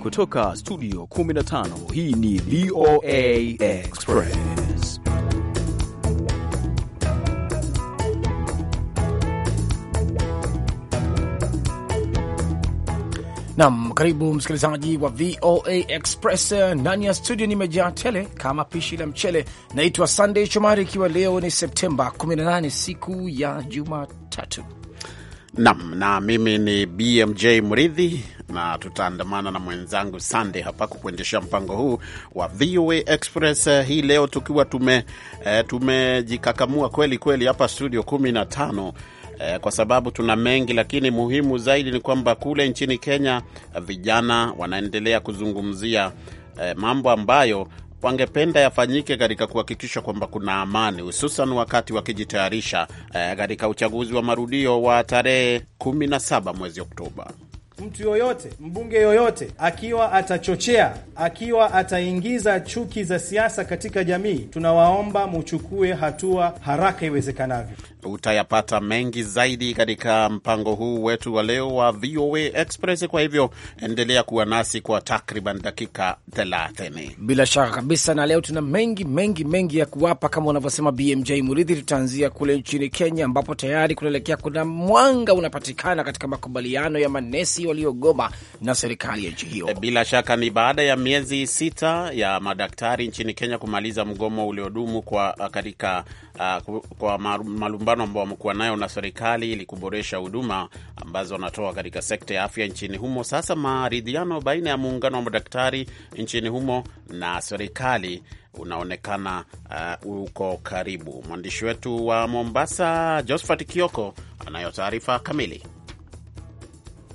Kutoka studio 15 hii ni VOA Express. Nam, karibu msikilizaji wa VOA Express ndani ya studio, nimejaa tele kama pishi la mchele. Naitwa Sunday Shomari, ikiwa leo ni Septemba 18 siku ya Jumatatu Nam na mimi ni BMJ Mridhi, na tutaandamana na mwenzangu Sande hapa kukuendeshea mpango huu wa VOA Express eh, hii leo, tukiwa tume eh, tumejikakamua kweli kweli hapa studio 15 eh, kwa sababu tuna mengi, lakini muhimu zaidi ni kwamba kule nchini Kenya vijana wanaendelea kuzungumzia eh, mambo ambayo wangependa yafanyike katika kuhakikisha kwamba kuna amani, hususan wakati wakijitayarisha eh, katika eh, uchaguzi wa marudio wa tarehe 17 mwezi Oktoba. Mtu yoyote mbunge yoyote akiwa atachochea, akiwa ataingiza chuki za siasa katika jamii, tunawaomba muchukue hatua haraka iwezekanavyo utayapata mengi zaidi katika mpango huu wetu wa leo wa VOA Express. Kwa hivyo endelea kuwa nasi kwa takriban dakika 30. Bila shaka kabisa, na leo tuna mengi mengi mengi ya kuwapa, kama unavyosema BMJ Muridhi. Tutaanzia kule nchini Kenya, ambapo tayari kunaelekea kuna mwanga unapatikana katika makubaliano ya manesi waliogoma na serikali ya nchi hiyo. E, bila shaka ni baada ya miezi sita ya madaktari nchini Kenya kumaliza mgomo uliodumu kwa katika uh, kwa malumbano mapambano ambao wamekuwa nayo na serikali ili kuboresha huduma ambazo wanatoa katika sekta ya afya nchini humo. Sasa maridhiano baina ya muungano wa madaktari nchini humo na serikali unaonekana uh, uko karibu. Mwandishi wetu wa Mombasa, Josphat Kioko, anayo taarifa kamili.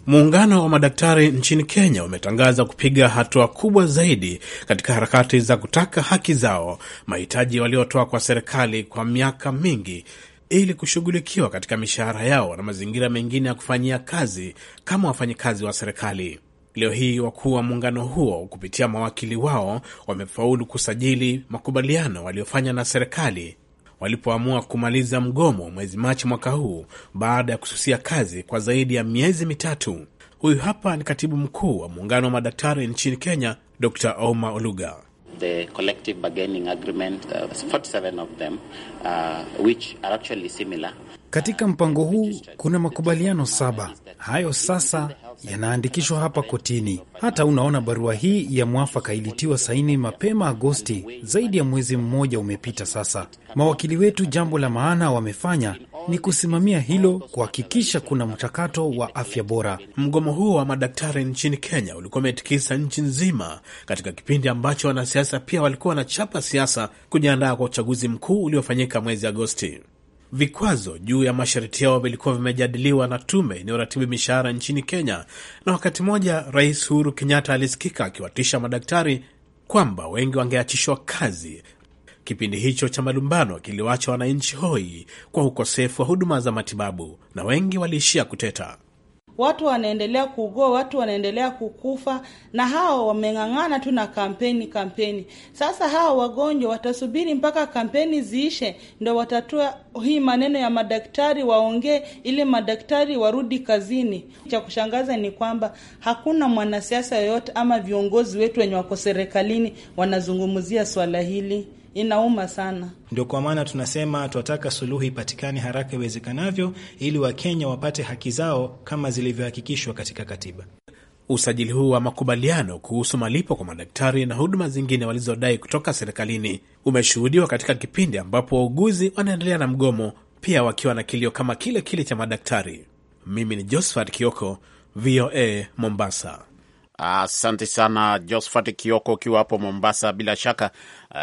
Muungano wa madaktari nchini Kenya umetangaza kupiga hatua kubwa zaidi katika harakati za kutaka haki zao, mahitaji waliotoa kwa serikali kwa miaka mingi ili kushughulikiwa katika mishahara yao na mazingira mengine ya kufanyia kazi kama wafanyikazi wa serikali. Leo hii wakuu wa muungano huo kupitia mawakili wao wamefaulu kusajili makubaliano waliofanya na serikali walipoamua kumaliza mgomo mwezi Machi mwaka huu baada ya kususia kazi kwa zaidi ya miezi mitatu. Huyu hapa ni katibu mkuu wa muungano wa madaktari nchini Kenya, Dr Oma Oluga the collective bargaining agreement, uh, 47 of them, uh, which are actually similar. Katika mpango huu kuna makubaliano saba. Hayo sasa yanaandikishwa hapa kotini. Hata unaona barua hii ya mwafaka ilitiwa saini mapema Agosti, zaidi ya mwezi mmoja umepita sasa. Mawakili wetu jambo la maana wamefanya ni kusimamia hilo, kuhakikisha kuna mchakato wa afya bora. Mgomo huo wa madaktari nchini Kenya ulikuwa umetikisa nchi nzima katika kipindi ambacho wanasiasa pia walikuwa wanachapa siasa kujiandaa kwa uchaguzi mkuu uliofanyika mwezi Agosti. Vikwazo juu ya masharti yao vilikuwa vimejadiliwa na tume inayoratibu mishahara nchini Kenya, na wakati mmoja Rais Uhuru Kenyatta alisikika akiwatisha madaktari kwamba wengi wangeachishwa kazi. Kipindi hicho cha malumbano kiliwacha wananchi hoi kwa ukosefu wa huduma za matibabu na wengi waliishia kuteta watu wanaendelea kuugua, watu wanaendelea kukufa, na hao wameng'ang'ana tu na kampeni kampeni. Sasa hao wagonjwa watasubiri mpaka kampeni ziishe, ndo watatua hii maneno ya madaktari, waongee ili madaktari warudi kazini. Cha kushangaza ni kwamba hakuna mwanasiasa yoyote ama viongozi wetu wenye wako serikalini wanazungumzia swala hili inauma sana. Ndio kwa maana tunasema tunataka suluhu ipatikane haraka iwezekanavyo, ili Wakenya wapate haki zao kama zilivyohakikishwa katika katiba. Usajili huu wa makubaliano kuhusu malipo kwa madaktari na huduma zingine walizodai kutoka serikalini umeshuhudiwa katika kipindi ambapo wauguzi wanaendelea na mgomo, pia wakiwa na kilio kama kile kile cha madaktari. Mimi ni Josephat Kioko, VOA Mombasa. Asante sana Josephat Kioko, ukiwa hapo Mombasa. Bila shaka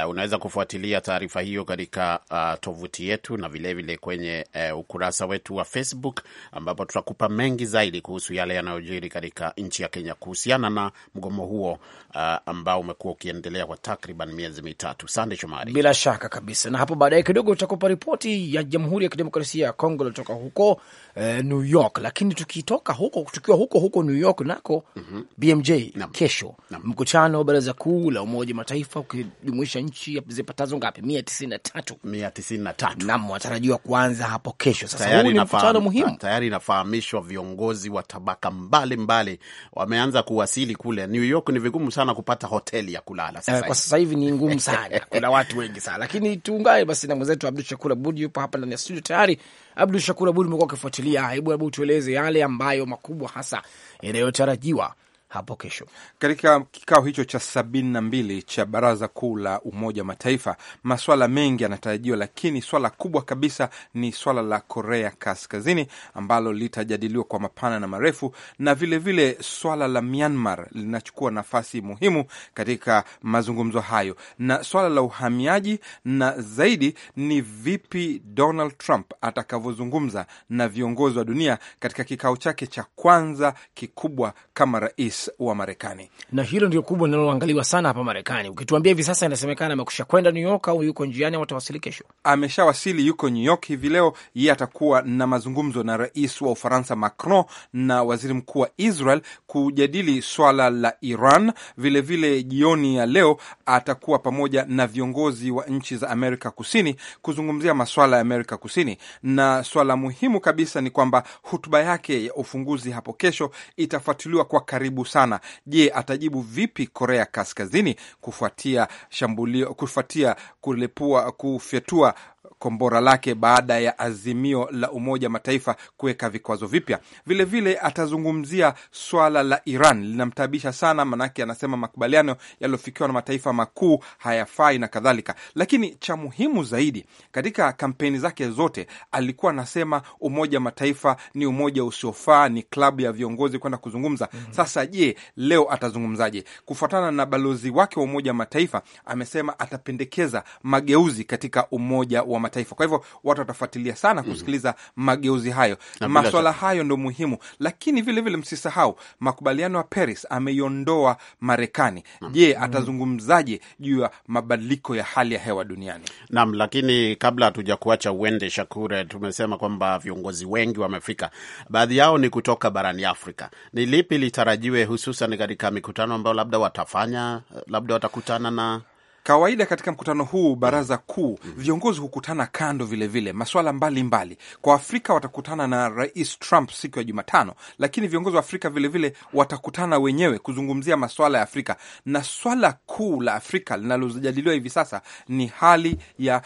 Uh, unaweza kufuatilia taarifa hiyo katika uh, tovuti yetu na vilevile vile kwenye uh, ukurasa wetu wa Facebook ambapo tutakupa mengi zaidi kuhusu yale yanayojiri katika nchi ya Kenya kuhusiana na mgomo huo uh, ambao umekuwa ukiendelea kwa takriban miezi mitatu. Sande Shomari, bila shaka kabisa, na hapo baadaye kidogo tutakupa ripoti ya Jamhuri ya Kidemokrasia ya Kongo kutoka huko eh, New York. Lakini tukitoka huko, tukiwa huko huko New York nako mm -hmm. BMJ Nam. kesho Nam. mkutano wa Baraza Kuu la Umoja Mataifa ukijumuisha nchi zipatazo ngapi? mia tisini na tatu mia tisini na tatu nam wanatarajiwa kuanza hapo kesho. Sasa huu ni mkutano muhimu, tayari inafahamishwa. Viongozi wa tabaka mbalimbali wameanza kuwasili kule New York. Ni vigumu sana kupata hoteli ya kulala sasa, eh, kwa sasa hivi ni ngumu sana kuna watu wengi sana, lakini tuungane basi na mwenzetu Abdu Shakur Abud, yupo hapa ndani ya studio tayari. Abdu Shakur Abud, umekuwa ukifuatilia, hebu hebu tueleze yale ambayo makubwa hasa yanayotarajiwa hapo kesho. Katika kikao hicho cha sabini na mbili cha Baraza Kuu la Umoja wa Mataifa, maswala mengi yanatarajiwa, lakini swala kubwa kabisa ni swala la Korea Kaskazini ambalo litajadiliwa kwa mapana na marefu, na vilevile vile swala la Myanmar linachukua nafasi muhimu katika mazungumzo hayo, na swala la uhamiaji, na zaidi ni vipi Donald Trump atakavyozungumza na viongozi wa dunia katika kikao chake cha kwanza kikubwa kama rais wa Marekani, na hilo ndio kubwa linaloangaliwa sana hapa Marekani. Ukituambia hivi sasa, inasemekana amekusha kwenda New York au yuko njiani, au atawasili kesho. Ameshawasili, yuko New York hivi leo. Yeye atakuwa na mazungumzo na rais wa Ufaransa Macron na waziri mkuu wa Israel kujadili swala la Iran. Vilevile vile jioni ya leo atakuwa pamoja na viongozi wa nchi za Amerika Kusini kuzungumzia maswala ya Amerika Kusini, na swala muhimu kabisa ni kwamba hutuba yake ya ufunguzi hapo kesho itafuatiliwa kwa karibu sana. Je, atajibu vipi Korea Kaskazini kufuatia shambulio, kufuatia kulepua, kufyatua kombora lake baada ya azimio la Umoja Mataifa kuweka vikwazo vipya. Vilevile atazungumzia swala la Iran, linamtabisha sana, manake anasema makubaliano yaliyofikiwa na mataifa makuu hayafai na kadhalika. Lakini cha muhimu zaidi, katika kampeni zake zote alikuwa anasema Umoja Mataifa ni umoja usiofaa, ni klabu ya viongozi kwenda kuzungumza. Mhm. Sasa je, leo atazungumzaje? Kufuatana na balozi wake wa Umoja Mataifa, amesema atapendekeza mageuzi katika Umoja wa Mataifa. Kwa hivyo watu watafuatilia sana mhm. kusikiliza mageuzi hayo, maswala hayo ndo muhimu, lakini vilevile msisahau makubaliano ya Paris ameiondoa Marekani. Mhm. Je, atazungumzaje juu ya mabadiliko ya hali ya hewa duniani? Naam, lakini kabla hatuja kuacha uende, Shakure, tumesema kwamba viongozi wengi wamefika, baadhi yao ni kutoka barani Afrika. Ni lipi litarajiwe hususan katika mikutano ambayo labda watafanya, labda watakutana na Kawaida katika mkutano huu baraza kuu viongozi hukutana kando vilevile vile, maswala mbalimbali mbali. Kwa Afrika watakutana na Rais Trump siku ya Jumatano, lakini viongozi wa Afrika vilevile vile watakutana wenyewe kuzungumzia maswala ya Afrika, na swala kuu la Afrika linalojadiliwa hivi sasa ni hali ya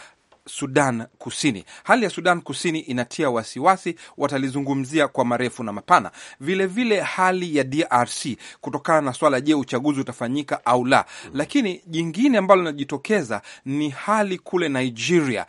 Sudan Kusini. Hali ya Sudan Kusini inatia wasiwasi, watalizungumzia kwa marefu na mapana. Vilevile vile hali ya DRC kutokana na swala, je, uchaguzi utafanyika au la? Lakini jingine ambalo linajitokeza ni hali kule Nigeria,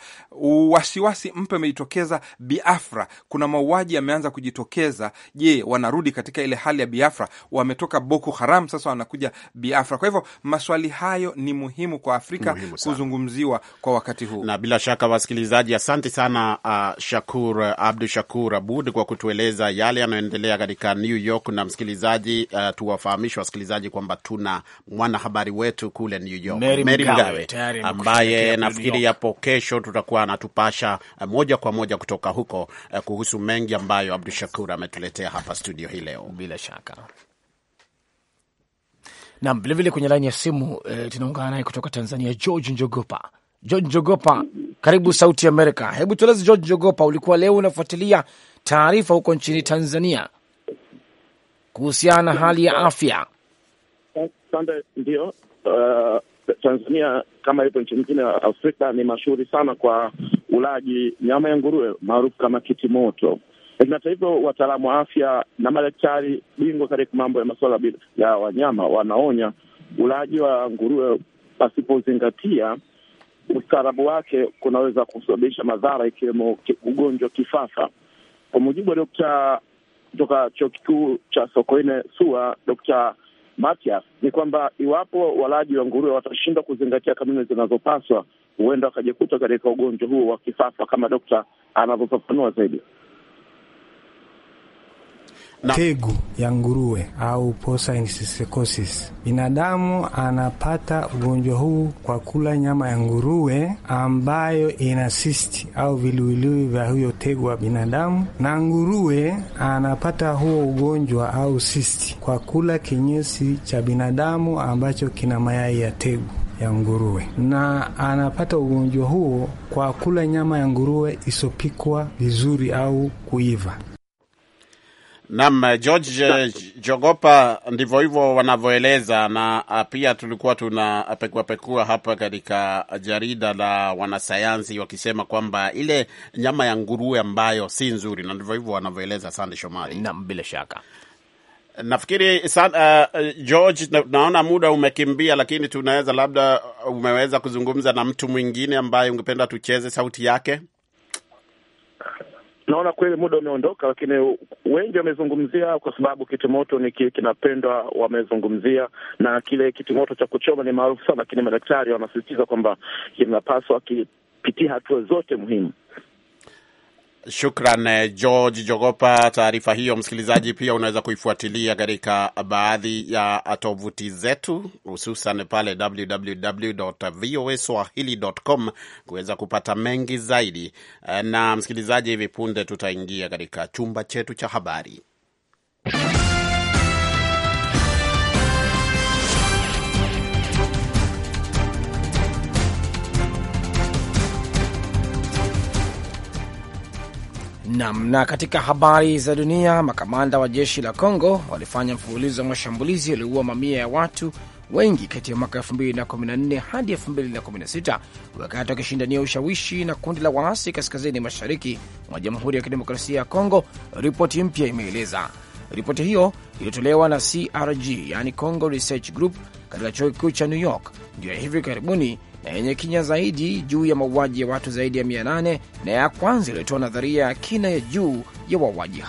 wasiwasi mpya amejitokeza Biafra. Kuna mauaji yameanza kujitokeza. Je, wanarudi katika ile hali ya Biafra? Wametoka Boko Haram, sasa wanakuja Biafra. Kwa hivyo maswali hayo ni muhimu kwa Afrika muhimu kuzungumziwa kwa wakati huu na bila shaka wasikilizaji, asante sana uh, Shakur uh, Abdu Shakur Abud kwa kutueleza yale yanayoendelea katika New York. Na msikilizaji, uh, tuwafahamishe wasikilizaji kwamba tuna mwanahabari wetu kule New York, Mary Mgawe, ambaye nafikiri hapo kesho tutakuwa anatupasha uh, moja kwa moja kutoka huko uh, kuhusu mengi ambayo Abdu Shakur ametuletea hapa studio hii leo, bila shaka nam vilevile kwenye laini ya simu eh, tunaungana naye kutoka Tanzania, George Njogopa. George Njogopa, karibu Sauti Amerika. Hebu tueleze George Jogopa, ulikuwa leo unafuatilia taarifa huko nchini Tanzania kuhusiana na hali ya afya. Sande, Uh, Tanzania kama ilivyo nchi nyingine ya Afrika ni mashuhuri sana kwa ulaji nyama ya nguruwe maarufu kama kiti moto Lakini hata hivyo, wataalamu wa afya na madaktari bingwa katika mambo ya masuala ya wanyama wanaonya ulaji wa nguruwe pasipozingatia ustaarabu wake kunaweza kusababisha madhara ikiwemo ugonjwa kifafa. Kwa mujibu wa dokta kutoka chuo kikuu cha Sokoine SUA, Dokta Matias, ni kwamba iwapo walaji wa nguruwe watashindwa kuzingatia kanuni zinazopaswa, huenda wakajikuta katika ugonjwa huo wa kifafa, kama dokta anavyofafanua zaidi na tegu ya nguruwe au posainsisekosis. Binadamu anapata ugonjwa huu kwa kula nyama ya nguruwe ambayo ina sisti au viluiliwi vya huyo tegu wa binadamu, na nguruwe anapata huo ugonjwa au sisti kwa kula kinyesi cha binadamu ambacho kina mayai ya tegu ya nguruwe na anapata ugonjwa huo kwa kula nyama ya nguruwe isopikwa vizuri au kuiva. Naam, George eh, Jogopa, ndivyo hivyo wanavyoeleza, na ah, pia tulikuwa tuna ah, pekua pekua hapa katika jarida la wanasayansi wakisema kwamba ile nyama ya nguruwe ambayo si nzuri, na ndivyo hivyo wanavyoeleza. Sande Shomari. Naam, bila shaka Nafikiri san, uh, George, naona muda umekimbia, lakini tunaweza labda, umeweza kuzungumza na mtu mwingine ambaye ungependa tucheze sauti yake? Naona kweli muda umeondoka, lakini wengi wamezungumzia, kwa sababu kitimoto ni kinapendwa, wamezungumzia na kile kitimoto cha kuchoma ni maarufu sana, lakini madaktari wanasisitiza kwamba kinapaswa kipitia hatua zote muhimu Shukran eh, George Jogopa, taarifa hiyo. Msikilizaji, pia unaweza kuifuatilia katika baadhi ya tovuti zetu, hususan pale www.voaswahili.com kuweza kupata mengi zaidi. Eh, na msikilizaji, hivi punde tutaingia katika chumba chetu cha habari Nam. Na katika habari za dunia, makamanda wa jeshi la Congo walifanya mfululizo wa mashambulizi yaliyoua mamia ya watu wengi kati ya mwaka 2014 hadi 2016 wakati wakishindania ushawishi na kundi la waasi kaskazini mashariki mwa Jamhuri ya Kidemokrasia ya congo ripoti mpya imeeleza. Ripoti hiyo iliyotolewa na CRG, yani Congo Research Group, katika chuo kikuu cha New York ndio ya hivi karibuni na yenye kinya zaidi juu ya mauaji ya watu zaidi ya 800 na ya kwanza iliyotoa nadharia ya kina ya juu ya wauaji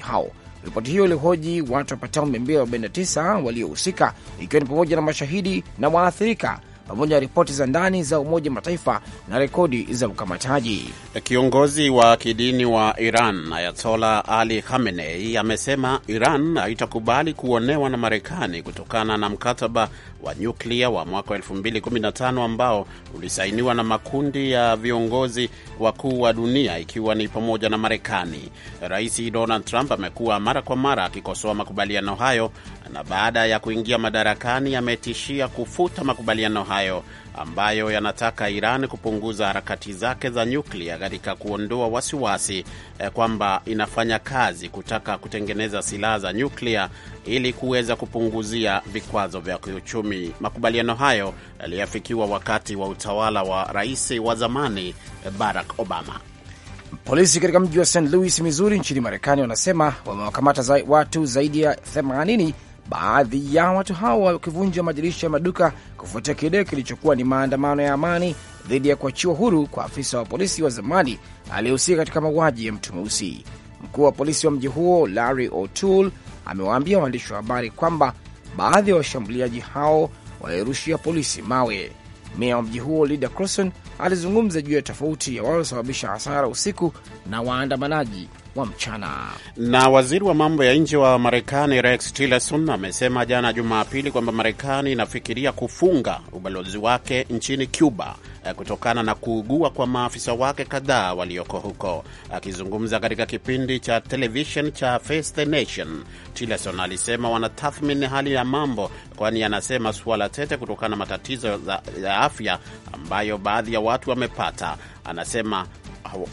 hao. Ripoti hiyo ilihoji watu wapatao 249 waliohusika, ikiwa ni pamoja na mashahidi na waathirika pamoja na ripoti za ndani za Umoja Mataifa na rekodi za ukamataji. Kiongozi wa kidini wa Iran Ayatola Ali Khamenei amesema Iran haitakubali kuonewa na Marekani kutokana na mkataba wa nyuklia wa mwaka 2015 ambao ulisainiwa na makundi ya viongozi wakuu wa dunia ikiwa ni pamoja na Marekani. Rais Donald Trump amekuwa mara kwa mara akikosoa makubaliano hayo na baada ya kuingia madarakani ametishia kufuta makubaliano hayo ambayo yanataka Iran kupunguza harakati zake za nyuklia katika kuondoa wasiwasi eh, kwamba inafanya kazi kutaka kutengeneza silaha za nyuklia ili kuweza kupunguzia vikwazo vya kiuchumi. Makubaliano hayo yaliyafikiwa wakati wa utawala wa rais wa zamani eh, Barack Obama. Polisi katika mji wa St. Louis, Missouri nchini Marekani wanasema wamewakamata za watu zaidi ya 80 baadhi ya watu hao wakivunja madirisha ya maduka kufuatia kile kilichokuwa ni maandamano ya amani dhidi ya kuachiwa huru kwa afisa wa polisi wa zamani aliyehusika katika mauaji ya mtu mweusi. Mkuu wa polisi wa mji huo Larry O'Toole amewaambia waandishi wa habari kwamba baadhi ya washambuliaji hao walirushia polisi mawe. Meya wa mji huo Lida Crosson alizungumza juu ya tofauti ya waliosababisha hasara usiku na waandamanaji wa mchana. Na waziri wa mambo ya nje wa Marekani Rex Tillerson amesema jana Jumapili kwamba Marekani inafikiria kufunga ubalozi wake nchini Cuba eh, kutokana na kuugua kwa maafisa wake kadhaa walioko huko. Akizungumza katika kipindi cha televishen cha Face the Nation, Tillerson alisema wanatathmini hali ya mambo, kwani anasema suala tete kutokana na matatizo ya afya ambayo baadhi ya watu wamepata. Anasema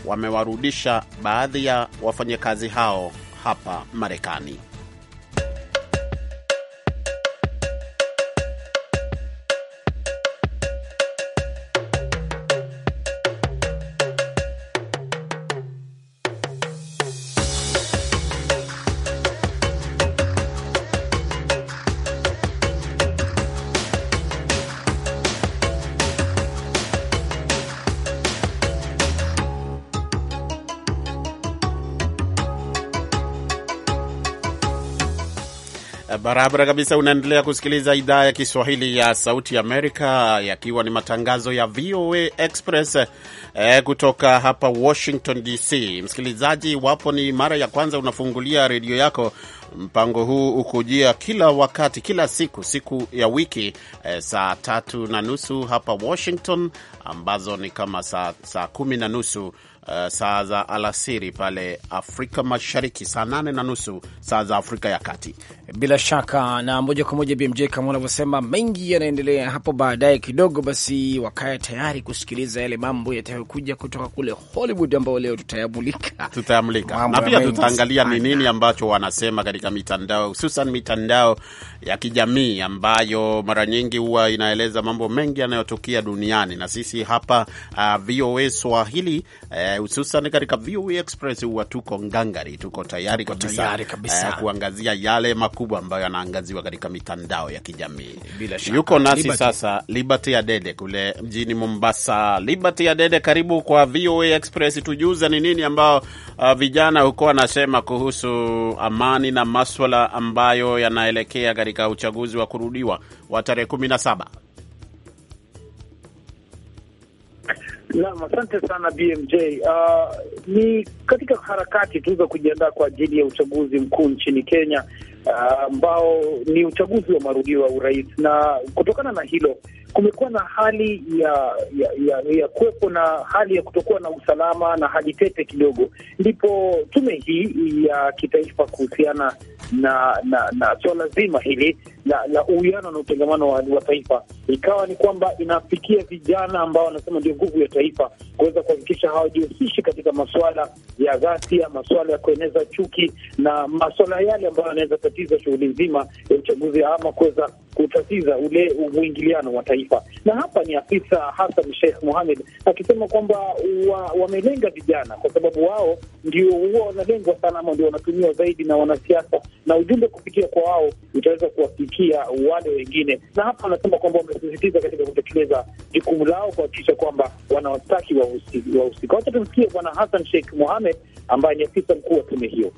wamewarudisha baadhi ya wafanyakazi hao hapa Marekani. Eh, barabara kabisa. Unaendelea kusikiliza idhaa ya Kiswahili ya Sauti Amerika, yakiwa ni matangazo ya VOA Express eh, kutoka hapa Washington DC. Msikilizaji, iwapo ni mara ya kwanza unafungulia redio yako, mpango huu ukujia kila wakati, kila siku, siku ya wiki e, saa tatu na nusu hapa Washington, ambazo ni kama saa, saa kumi na nusu Uh, saa za alasiri pale Afrika Mashariki, saa nane na nusu saa za Afrika ya Kati bila shaka na moja kwa moja, BMJ kama unavyosema, mengi yanaendelea hapo baadaye kidogo. Basi wakaya tayari kusikiliza yale mambo yatayokuja kutoka kule Hollywood, ambayo leo tutayamulika, tutayamulika na pia tutaangalia ni nini ambacho wanasema katika mitandao, hususan mitandao ya kijamii ambayo mara nyingi huwa inaeleza mambo mengi yanayotokea duniani, na sisi hapa uh, VOA Swahili eh, hususan uh, katika VOA Express huwa tuko ngangari, tuko tayari kabisa, tayari kabisa. Uh, kuangazia yale makubwa ambayo yanaangaziwa katika mitandao ya kijamii. Yuko nasi Liberty. Sasa Liberty Adede kule mjini Mombasa. Liberty Adede, karibu kwa VOA Express. Tujuze ni nini ambao uh, vijana huko wanasema kuhusu amani na maswala ambayo yanaelekea katika uchaguzi wa kurudiwa wa tarehe kumi na saba. Naam, asante sana BMJ. Uh, ni katika harakati tu za kujiandaa kwa ajili ya uchaguzi mkuu nchini Kenya ambao ni uchaguzi wa marudio wa urais, na kutokana na hilo kumekuwa na hali ya ya, ya, ya kuwepo na hali ya kutokuwa na usalama na hali tete kidogo, ndipo tume hii ya kitaifa kuhusiana na na, na swala zima hili la uwiano na utengamano wa, wa taifa ikawa ni kwamba inafikia vijana ambao wanasema ndio nguvu ya taifa, kuweza kuhakikisha hawajihusishi katika masuala ya ghasia, masuala ya kueneza chuki na masuala yale ambayo yanaweza tatiza shughuli nzima ya uchaguzi ama kuweza kutatiza ule mwingiliano wa taifa kitaifa. Na hapa ni afisa Hassan Sheikh Mohamed akisema kwamba wamelenga wa vijana kwa sababu wao ndio huwa wanalengwa sana, ama ndio wanatumiwa zaidi na wanasiasa, na ujumbe kufikia kwa wao utaweza kuwafikia wale wengine. Na hapa anasema kwamba wamesisitiza katika kutekeleza jukumu lao kuhakikisha kwamba wanawastaki wahusika. Wacha tumsikie Bwana Hassan Sheikh Mohamed ambaye ni afisa mkuu wa tume hiyo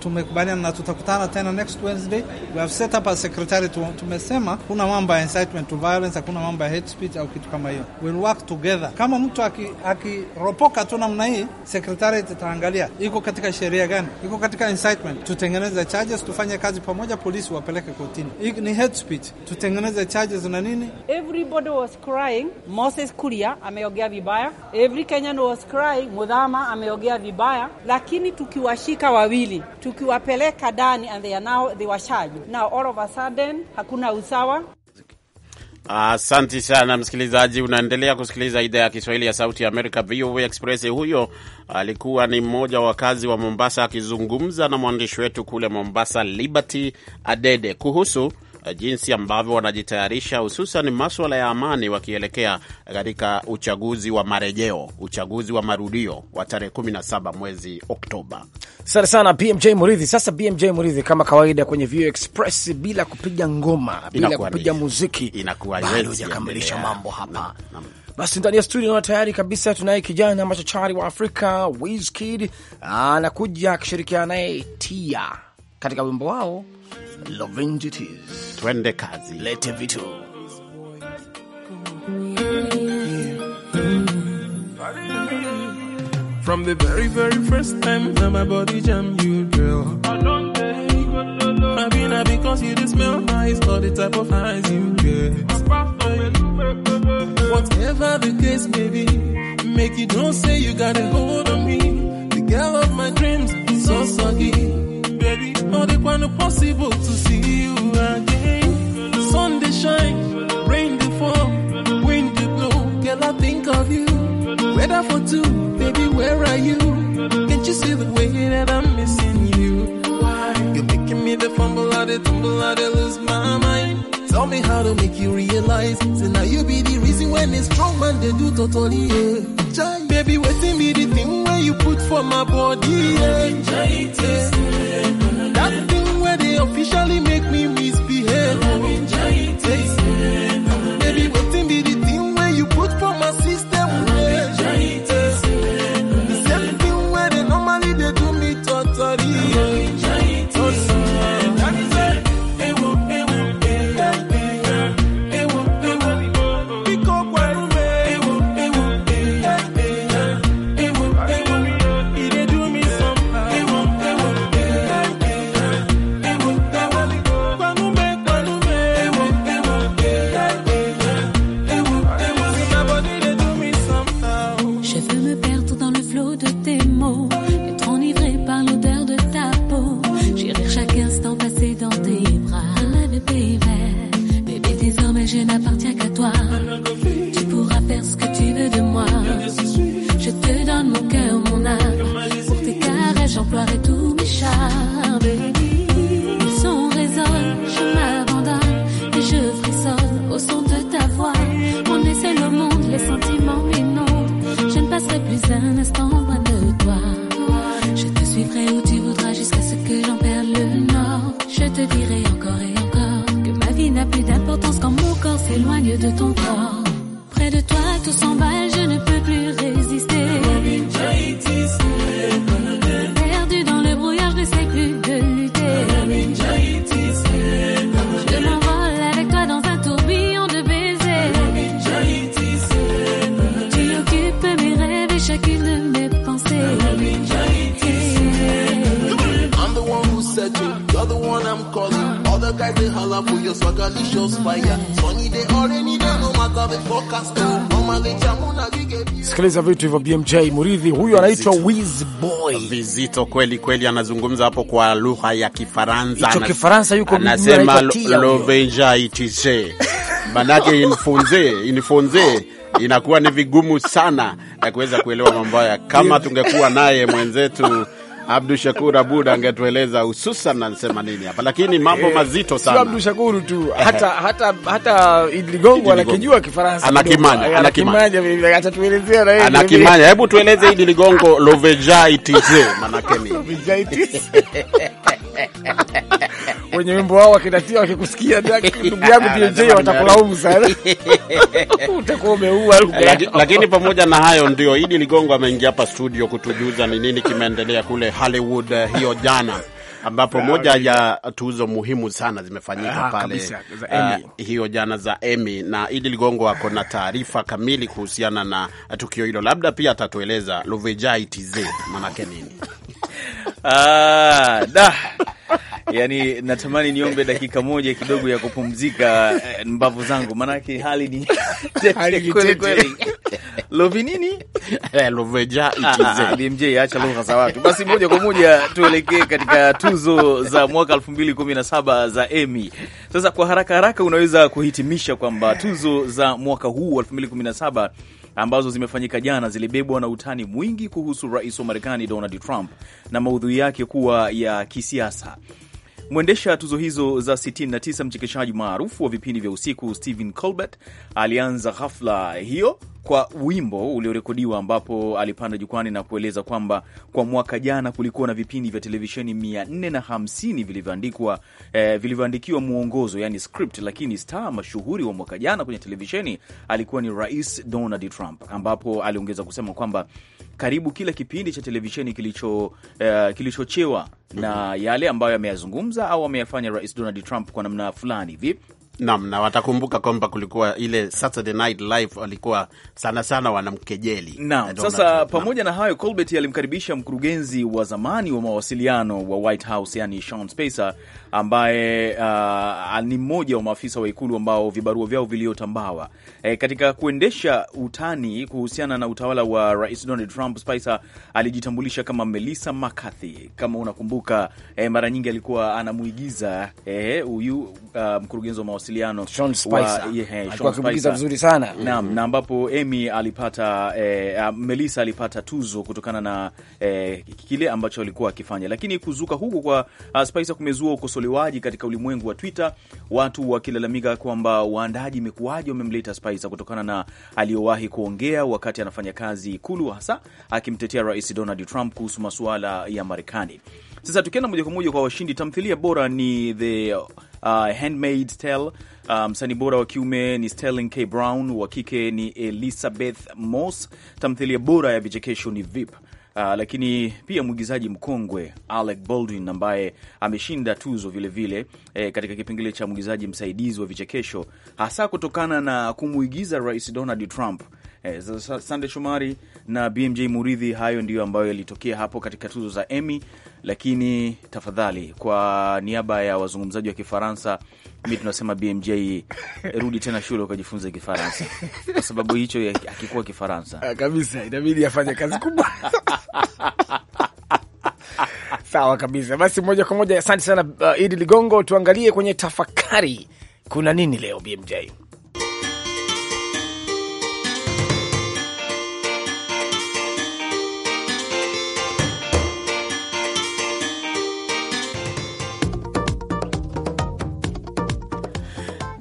tumekubaliana na tutakutana tena next Wednesday. We have set up a secretariat. Tumesema kuna mambo ya incitement to violence, hakuna mambo ya hate speech au kitu kama hiyo. We'll work together. Kama mtu akiropoka aki tu namna hii, secretary itaangalia iko katika sheria gani, iko katika incitement, tutengeneze charges, tufanye kazi pamoja, polisi wapeleke kotini. Ni hate speech, tutengeneze charges na nini. Everybody was crying. Moses Kuria ameongea vibaya, every Kenyan was crying. Mudhama ameongea vibaya, lakini tukiwashika wawili hivi tukiwapeleka ndani and they are now they were charged now all of a sudden hakuna usawa. Asante ah, sana msikilizaji, unaendelea kusikiliza idhaa ya Kiswahili ya Sauti ya Amerika, VOA Express. Huyo alikuwa ni mmoja wa wakazi wa Mombasa akizungumza na mwandishi wetu kule Mombasa, Liberty Adede, kuhusu jinsi ambavyo wanajitayarisha hususan maswala ya amani, wakielekea katika uchaguzi wa marejeo, uchaguzi wa marudio wa tarehe 17 mwezi Oktoba. Asante sana BMJ Muridhi. Sasa BMJ Muridhi, kama kawaida kwenye View Express, bila kupiga ngoma, bila kupiga muziki, bado hujakamilisha mambo hapa na, na. Basi ndani ya studio naona tayari kabisa tunaye kijana machachari wa Afrika Wizkid anakuja akishirikiana naye Tia katika wimbo wao Loving It Is. Twende kazi. Lete vitu From the very very first time that my body jammed you girl I mean I because you just smell nice all the type of eyes you get Whatever the case may be make you don't say you got a hold on me the girl of my dreams so soggy not the one possible to see you again. sun they shine, rain they fall, wind they blow. Girl, I think of you. Weather for two, baby, where are you? Can't you see the way that I'm missing you? Why? You're making me the fumble, I the tumble, I the lose my mind. Tell me how to make you realize. So now you be the when it's strong man they do totally yeah. Jai, baby waiting the thing where you put for my body yeah. That thing where they officially make me misbehave. guy dey holla for your swagger, you show fire. Sunny day or any day, no matter the forecast. Normally, jamuna Sikiliza vitu hivyo BMJ Muridhi, huyu anaitwa Wiz Boy, Vizito kweli kweli, anazungumza hapo kwa lugha ya Kifaransa. Hicho Kifaransa yuko anasema lovenja itise, manake infunze infunze inakuwa ni vigumu sana ya kuweza kuelewa mambo haya, kama tungekuwa naye mwenzetu Abdu Shakur Abud angetueleza hususan anasema nini hapa, lakini mambo eh, mazito sana. Abdu Shakur tu hata hata hata Idi Ligongo anakijua Kifaransa, anakimanya, anakimanya, atatuelezea na yeye anakimanya. Hebu tueleze Idi Ligongo, lovejaitise maana wenye wimbo wao wakitatia, wakikusikia ndugu yangu DJ watakulaumu sana, utakuwa umeua. Lakini pamoja na hayo, ndio Idi Ligongo ameingia hapa studio kutujuza ni nini kimeendelea kule Hollywood eh, hiyo jana ambapo moja ya tuzo muhimu sana zimefanyika ah, pale uh, hiyo jana za Emmy, na Idi Ligongo ako na taarifa kamili kuhusiana na eh, tukio hilo. Labda pia atatueleza Luvejai TZ manake nini? ah, da yani natamani niombe dakika moja kidogo ya kupumzika eh, mbavu zangu, maanake hali ni kweli kweli. Lovi nini? Eh, ah, ah, ah, BMJ acha lugha za watu. Basi moja kwa moja tuelekee katika tuzo za mwaka 2017 za Emmy. Sasa kwa haraka haraka unaweza kuhitimisha kwamba tuzo za mwaka huu 2017 ambazo zimefanyika jana zilibebwa na utani mwingi kuhusu rais wa Marekani Donald Trump na maudhui yake kuwa ya kisiasa. Mwendesha tuzo hizo za 69 mchekeshaji maarufu wa vipindi vya usiku Stephen Colbert alianza ghafla hiyo kwa wimbo uliorekodiwa ambapo alipanda jukwani na kueleza kwamba kwa mwaka jana kulikuwa na vipindi vya televisheni 450 vilivyoandikwa eh, vilivyoandikiwa mwongozo yani script, lakini star mashuhuri wa mwaka jana kwenye televisheni alikuwa ni Rais Donald Trump, ambapo aliongeza kusema kwamba karibu kila kipindi cha televisheni kilicho eh, kilichochewa na yale ambayo ameyazungumza au ameyafanya Rais Donald Trump kwa namna fulani hivi Naam, na watakumbuka kwamba kulikuwa ile Saturday Night Live walikuwa sana sana wanamkejeli. Naam, sasa pamoja na hayo, Colbert alimkaribisha mkurugenzi wa zamani wa mawasiliano wa White House, yani Sean Spicer ambaye uh, ni mmoja wa maafisa wa ikulu ambao vibarua vyao viliyotambawa e, katika kuendesha utani kuhusiana na utawala wa Rais Donald Trump. Spicer alijitambulisha kama Melissa McCarthy, kama unakumbuka e, mara nyingi alikuwa anamuigiza e, huyu e, uh, mkurugenzi wa mawasiliano mawasiliano vizuri sana naam, na ambapo Amy alipata eh, ah, Melissa alipata tuzo kutokana na eh, kile ambacho alikuwa akifanya, lakini kuzuka huku kwa uh, Spicer kumezua ukosolewaji katika ulimwengu wa Twitter, watu wakilalamika kwamba waandaji imekuwaje wamemleta Spicer kutokana na aliyowahi kuongea wakati anafanya kazi Ikulu, hasa akimtetea Rais Donald Trump kuhusu masuala ya Marekani. Sasa tukienda moja kwa moja kwa washindi, tamthilia bora ni The uh, Handmaid's Tale. Uh, msanii um, bora wa kiume ni Sterling K Brown, wa kike ni Elizabeth Moss. Tamthilia bora ya vichekesho ni Veep. Uh, lakini pia mwigizaji mkongwe Alec Baldwin ambaye ameshinda tuzo vilevile vile, eh, katika kipengele cha mwigizaji msaidizi wa vichekesho hasa kutokana na kumwigiza Rais Donald Trump Eh, Sande Shomari na BMJ Muridhi. Hayo ndiyo ambayo yalitokea hapo katika tuzo za Emmy, lakini tafadhali, kwa niaba ya wazungumzaji wa Kifaransa, mi tunasema BMJ, rudi tena shule ukajifunza Kifaransa kwa sababu hicho akikuwa Kifaransa eh, kabisa inabidi afanye kazi kubwa Sawa kabisa. Basi moja kwa moja, asante sana uh, Idi Ligongo. Tuangalie kwenye tafakari, kuna nini leo BMJ?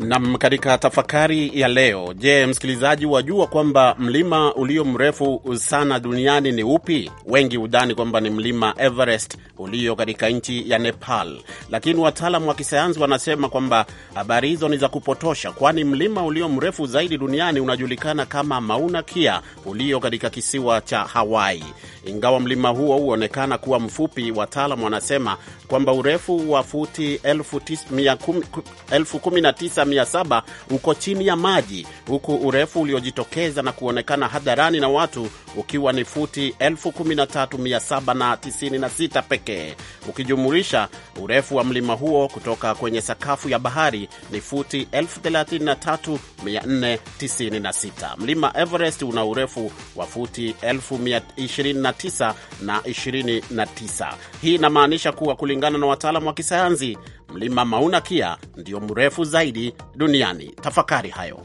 Nam, katika tafakari ya leo, je, msikilizaji, wajua kwamba mlima ulio mrefu sana duniani ni upi? Wengi hudhani kwamba ni mlima Everest ulio katika nchi ya Nepal, lakini wataalamu wa kisayansi wanasema kwamba habari hizo ni za kupotosha, kwani mlima ulio mrefu zaidi duniani unajulikana kama Mauna Kea ulio katika kisiwa cha Hawaii. Ingawa mlima huo huonekana kuwa mfupi, wataalam wanasema kwamba urefu wa futi elfu mia saba uko chini ya maji, huku urefu uliojitokeza na kuonekana hadharani na watu ukiwa ni futi 13796 pekee. Ukijumulisha urefu wa mlima huo kutoka kwenye sakafu ya bahari ni futi 33496. Mlima Everest una urefu wa futi 29 na 29. Hii inamaanisha kuwa kulingana na wataalamu wa kisayansi Mlima Mauna Kea ndio mrefu zaidi duniani. Tafakari hayo.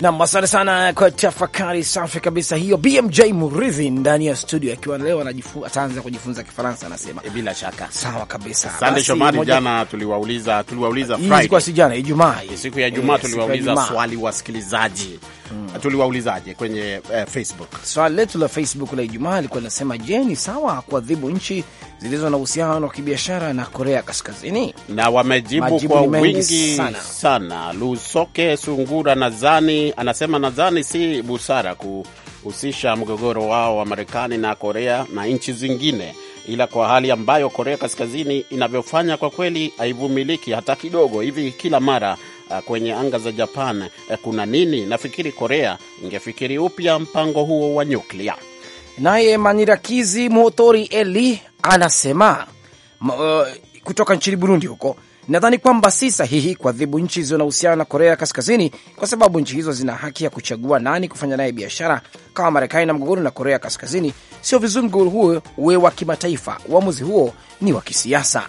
Nam, asante sana kwa tafakari safi kabisa hiyo. BMJ Muridhi ndani ya studio akiwa leo ataanza kujifunza Kifaransa, anasema e, bila shaka. Sawa kabisa, asante Shomari. Moja... jana tuliwauliza tuliwauliza Friday, si jana, Ijumaa, eh, siku ya Ijumaa e, tuliwauliza swali wasikilizaji Hmm. Tuliwaulizaje kwenye uh, Facebook? Swali letu la Facebook la Ijumaa likuwa linasema, je, ni sawa kuadhibu nchi zilizo na uhusiano wa kibiashara na Korea Kaskazini? Na wamejibu Majibu kwa wingi sana, sana. Lusoke Sungura nadhani anasema nadhani si busara kuhusisha mgogoro wao wa Marekani na Korea na nchi zingine, ila kwa hali ambayo Korea Kaskazini inavyofanya kwa kweli haivumiliki hata kidogo. Hivi kila mara uh, kwenye anga za Japan uh, kuna nini? Nafikiri Korea ingefikiri upya mpango huo wa nyuklia. Naye Manirakizi Motori Eli anasema uh, kutoka nchini Burundi huko Nadhani kwamba si sahihi kuadhibu nchi zinahusiana na Korea Kaskazini kwa sababu nchi hizo zina haki ya kuchagua nani kufanya naye biashara. Kama Marekani na mgogoro na Korea Kaskazini, sio vizuri mgogoro huo uwe wa kimataifa. Uamuzi huo ni wa kisiasa.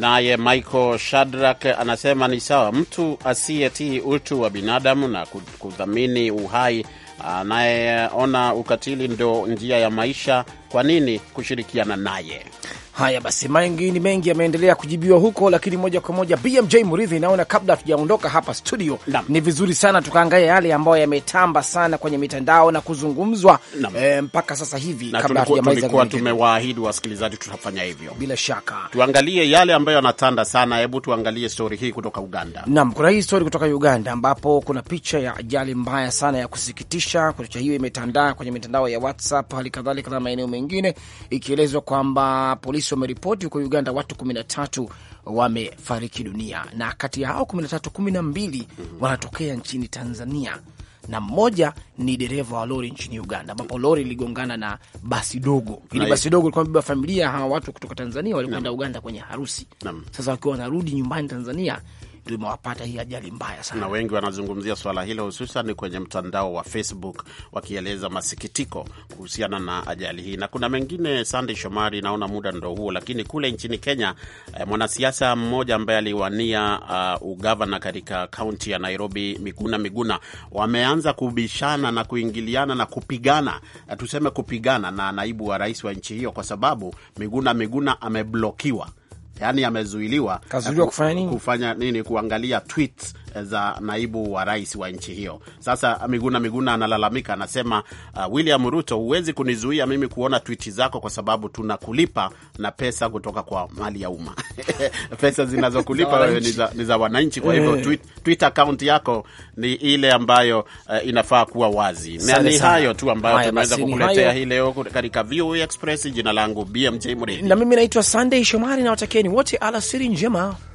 Naye Michael Shadrack anasema ni sawa mtu asiyetii utu wa binadamu na kudhamini uhai anayeona ukatili ndo njia ya maisha, kwa nini kushirikiana naye? Haya basi, mengine mengi yameendelea kujibiwa huko, lakini moja kwa moja BMJ Muridhi, naona kabla hatujaondoka hapa studio Lam. ni vizuri sana tukaangalia yale ambayo yametamba sana kwenye mitandao na kuzungumzwa e, mpaka sasa hivi, kabla tumewaahidi wasikilizaji tutafanya hivyo bila shaka. Tuangalie yale ambayo yanatanda sana, hebu tuangalie stori hii kutoka Uganda. Naam, kuna hii stori kutoka Uganda ambapo kuna picha ya ajali mbaya sana ya kusikitisha. Picha hiyo imetandaa kwenye mitandao ya WhatsApp, hali kadhalika na maeneo mengine, ikielezwa kwamba polisi polisi wameripoti huko Uganda watu 13 wamefariki dunia, na kati ya hao 13, 12 wanatokea nchini Tanzania na mmoja ni dereva wa lori nchini Uganda, ambapo lori iligongana na basi dogo. Ili basi dogo likuwa mebeba familia, hawa watu kutoka Tanzania walikwenda Uganda kwenye harusi. Sasa wakiwa wanarudi nyumbani Tanzania, limewapata hii ajali mbaya sana, na wengi wanazungumzia swala hilo, hususan kwenye mtandao wa Facebook wakieleza masikitiko kuhusiana na ajali hii. Na kuna mengine, Sandey Shomari, naona muda ndo huo, lakini kule nchini Kenya eh, mwanasiasa mmoja ambaye aliwania uh, ugavana katika kaunti ya Nairobi, Miguna Miguna, wameanza kubishana na kuingiliana na kupigana, eh, tuseme kupigana na naibu wa rais wa nchi hiyo, kwa sababu Miguna Miguna ameblokiwa yani amezuiliwa kufanya nini, kuangalia tweet za naibu wa rais wa nchi hiyo. Sasa Miguna Miguna analalamika, anasema uh, William Ruto, huwezi kunizuia mimi kuona twiti zako kwa sababu tunakulipa na pesa kutoka kwa mali ya umma pesa zinazokulipa wewe ni za wananchi. Kwa hivyo eh. twit akaunti yako ni ile ambayo uh, inafaa kuwa wazi. Na ni hayo tu ambayo tumeweza kukuletea hii leo katika VOA Express. Jina langu BMJ Mrei na mimi naitwa Sunday Shomari, nawatakieni wote alasiri njema.